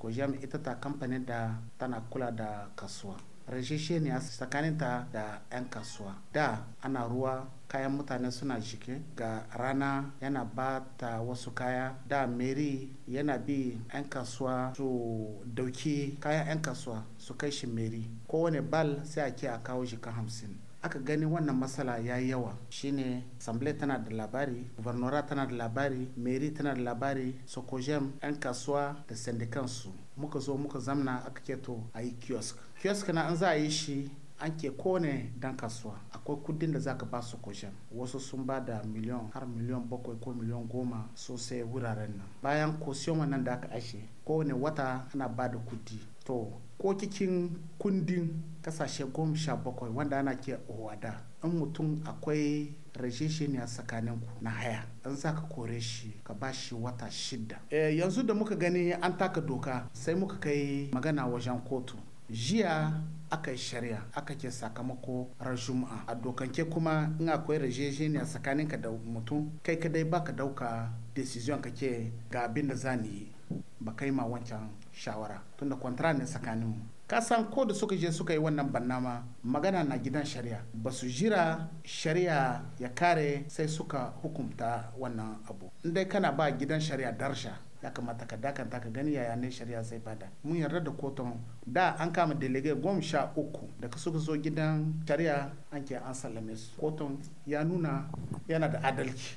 kojam ita ta kamfani da tana kula da kasuwa rasheshe ne tsakaninta da 'yan kasuwa da ana ruwa kayan mutane suna jike ga rana yana ba ta wasu kaya da meri yana bi 'yan kasuwa su dauki kayan 'yan kasuwa su kai shi meri kowane bal sai a ke a kawo shi ka hamsin aka gani wannan matsala ya yi yawa shine assembly tana da labari gubernora tana da labari meri tana da labari sokojem 'yan kasuwa da sindikansu muka zo muka zamna aka keto to a yi kiosk kiosk na an za a yi shi an ke kone dan kasuwa akwai kudin da za ka ba su kushen wasu sun ba da miliyan har miliyon bakwai ko miliyon goma sosai wuraren nan bayan kosiyon nan da aka ashe kowane wata ana ba da kudi to kokikin kundin kasashe goma sha bakwai wanda ana ke owada in mutum akwai rajesheniya tsakanin ku na haya in za ka kore shi ka ba shi wata shida e, eh, yanzu da muka gani an taka doka sai muka kai magana wajen kotu jiya aka yi shari'a aka ke sakamako ran juma'a a dokanke kuma in akwai rajesheniya tsakaninka da mutum kai kadai baka dauka decision ka kake ga abin da za ni yi ba kai ma wancan shawara tunda kwantara ne tsakaninmu ka san ko da suka je suka yi wannan banna magana na gidan shari'a ba su jira shari'a ya kare sai suka hukunta wannan abu in dai kana ba gidan shari'a darsha ya kamata ka dakanta ka gani yaya ne shari'a zai bada mun yarda da kotun da an kama delege goma sha uku daga suka zo gidan shari'a an ke an sallame su kotun ya nuna yana da adalci